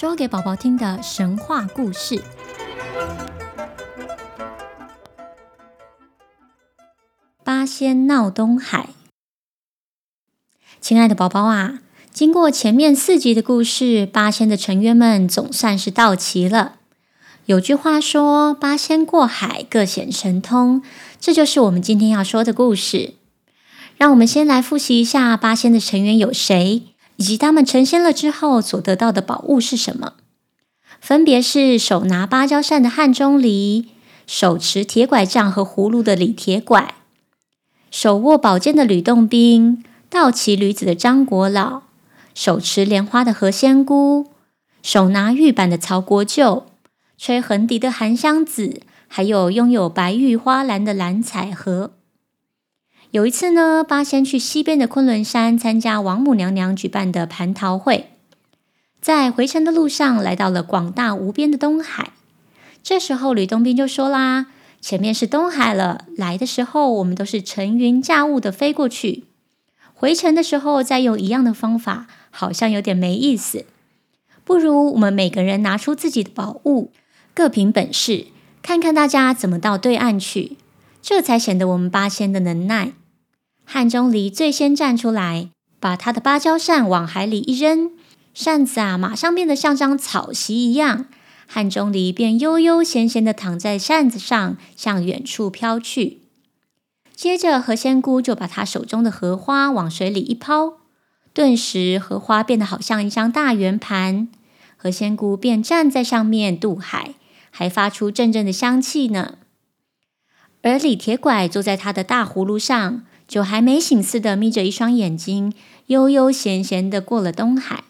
說給寶寶聽的神話故事：八仙鬧東海。親愛的寶寶啊，經過前面四集的故事，八仙的成員們總算是到齊了。有句話說：“八仙過海，各顯神通。”這就是我們今天要說的故事。讓我們先來複習一下八仙的成員有誰。以及他們成仙了之後所得到的寶物是什麼？分別是手拿芭蕉扇的漢鍾離，手持鐵拐杖和葫蘆的李鐵拐，手握寶劍的呂洞賓，倒騎驢子的張果老，手持蓮花的何仙姑，手拿玉板的曹國舅，吹橫笛的韓湘子，還有擁有白玉花籃的藍采和。有一次呢，八仙去西邊的昆崙山參加王母娘娘舉辦的蟠桃會，在回程的路上來到了廣大無邊的東海。這時候呂洞賓就說啦：“前面是東海了，來的時候我們都是乘雲駕霧的飛過去，回程的時候再用一樣的方法，好像有點沒意思。不如我們每個人拿出自己的寶物，各憑本事，看看大家怎麼到對岸去，這才顯得我們八仙的能耐。”漢鍾離最先站出來，把他的芭蕉扇往海裡一扔，扇子啊，馬上變得像張草席一樣。漢鍾離便悠悠閒閒地躺在扇子上，向遠處飄去。接着，何仙姑就把他手中的荷花往水裡一拋，頓時荷花變得好像一張大圓盤。何仙姑便站在上面渡海，還發出陣陣的香氣呢。而李鐵拐坐在他的大葫蘆上。酒還沒醒似的，眯着一雙眼睛，悠悠閒閒的過了東海。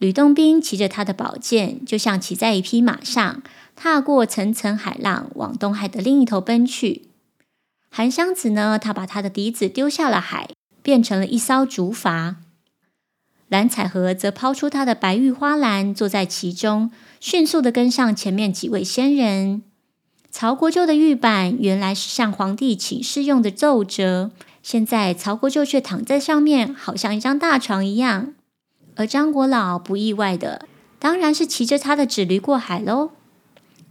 呂洞賓騎着他的寶劍，就像騎在一匹馬上，踏過層層海浪，往東海的另一頭奔去。韓湘子呢，他把他的笛子丟下了海，變成了一艘竹筏。藍采和則拋出他的白玉花籃，坐在其中，迅速的跟上前面幾位仙人。曹國舅的玉板原來是向皇帝請示用的奏摺，現在曹國舅卻躺在上面，好像一張大床一樣。而張果老不意外的，當然是騎着他的紙驢過海咯。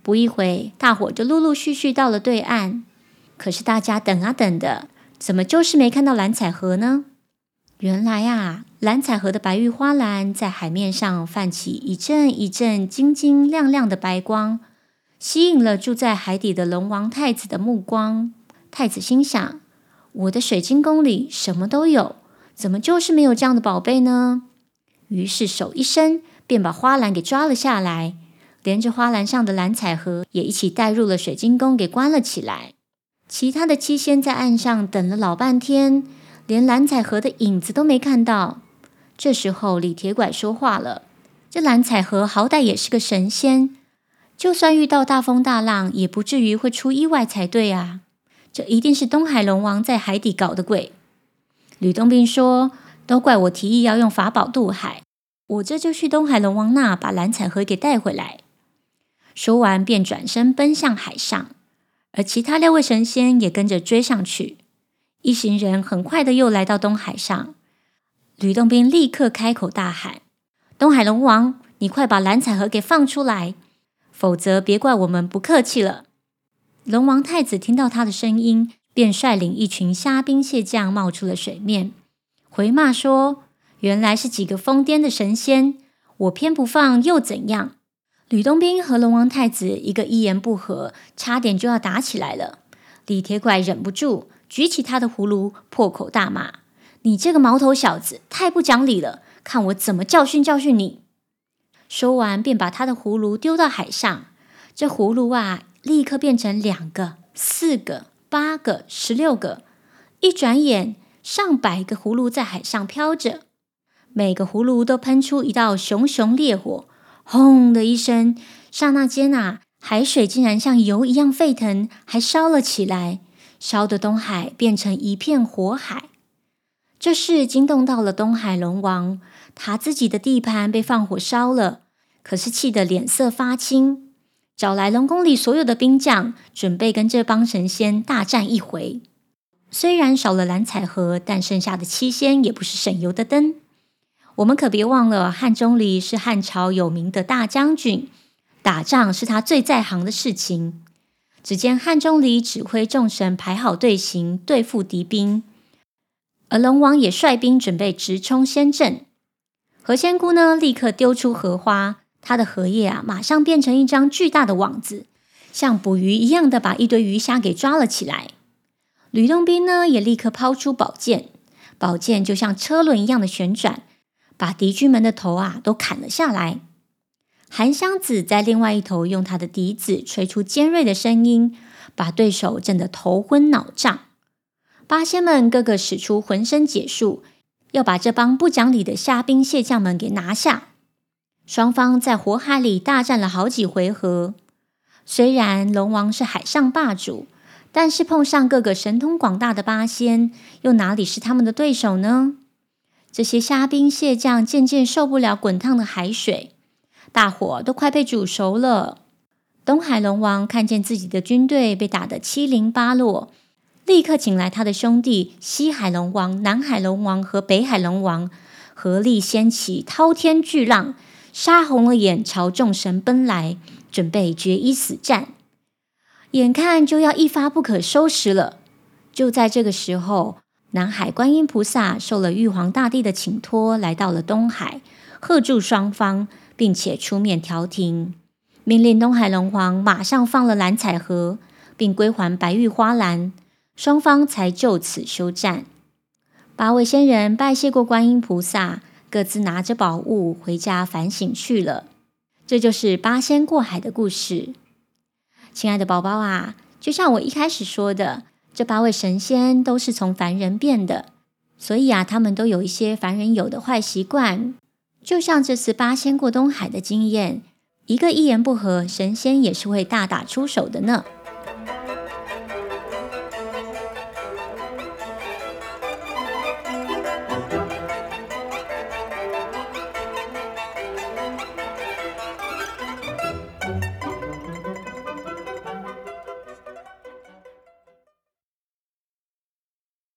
不一會，大夥就陸陸續續到了對岸。可是大家等啊等的，怎麼就是沒看到藍采和呢？原來啊，藍采和的白玉花籃在海面上泛起一陣一陣晶晶亮亮的白光。吸引了住在海底的龍王太子的目光。太子心想：“我的水晶宮裡什麼都有，怎麼就是沒有這樣的寶貝呢？”於是手一伸，便把花籃給抓了下來，連着花籃上的藍采和也一起帶入了水晶宮，給關了起來。其他的七仙在岸上等了老半天，連藍采和的影子都沒看到。這時候，李鐵拐說話了：“這藍采和好歹也是個神仙。”就算遇到大風大浪，也不至於會出意外才對啊！這一定是東海龍王在海底搞的鬼。呂洞賓說：“都怪我提議要用法寶渡海，我這就去東海龍王那把藍采和給帶回來。”說完便轉身奔向海上，而其他六位神仙也跟着追上去。一行人很快的又來到東海上，呂洞賓立刻開口大喊：“東海龍王，你快把藍采和給放出來！”否則，別怪我們不客氣了。龍王太子聽到他的聲音，便率領一群蝦兵蟹將冒出了水面，回罵說：“原來是幾個瘋癲的神仙，我偏不放又怎樣？”呂洞賓和龍王太子一個一言不合，差點就要打起來了。李鐵拐忍不住舉起他的葫蘆，破口大罵：“你這個毛頭小子，太不講理了！看我怎麼教訓教訓你！”說完，便把他的葫蘆丟到海上。這葫蘆啊，立刻變成兩個、四個、八個、十六個。一轉眼，上百個葫蘆在海上飄着，每個葫蘆都噴出一道熊熊烈火。轟的一聲，剎那間啊，海水竟然像油一樣沸騰，還燒了起來，燒得東海變成一片火海。這事驚動到了東海龍王，他自己的地盤被放火燒了，可是氣得臉色發青。找來龍宮裡所有的兵將，準備跟這幫神仙大戰一回。雖然少了藍采和，但剩下的七仙也不是省油的燈。我們可別忘了，漢鍾離是漢朝有名的大將軍，打仗是他最在行的事情。只見漢鍾離指揮眾神排好隊形，對付敵兵。而龍王也率兵準備直衝仙陣，何仙姑呢，立刻丟出荷花，她的荷葉啊，馬上變成一張巨大的網子，像捕魚一樣的把一堆魚蝦給抓了起來。呂洞賓呢，也立刻拋出寶劍，寶劍就像車輪一樣的旋轉，把敵軍們的頭啊都砍了下來。韓湘子在另外一頭用他的笛子吹出尖銳的聲音，把對手震得頭昏腦脹。八仙們個個使出渾身解數，要把這幫不講理的蝦兵蟹將們給拿下。雙方在火海裡大戰了好幾回合。雖然龍王是海上霸主，但是碰上各個神通廣大的八仙，又哪裡是他們的對手呢？這些蝦兵蟹將漸漸受不了滾燙的海水，大夥都快被煮熟了。東海龍王看見自己的軍隊被打得七零八落。立刻請來他的兄弟西海龍王、南海龍王和北海龍王，合力掀起滔天巨浪，殺紅了眼朝眾神奔來，準備決一死戰。眼看就要一發不可收拾了，就在這個時候，南海觀音菩薩受了玉皇大帝的請托，來到了東海，喝住雙方，並且出面調停，命令東海龍王馬上放了藍采和，並歸還白玉花籃。雙方才就此休戰。八位仙人拜謝過觀音菩薩，各自拿着寶物回家反省去了。這就是八仙過海的故事。親愛的寶寶啊，就像我一開始說的，這八位神仙都是從凡人變的，所以啊，他們都有一些凡人有的壞習慣。就像這次八仙過東海的經驗，一個一言不合，神仙也是會大打出手的呢。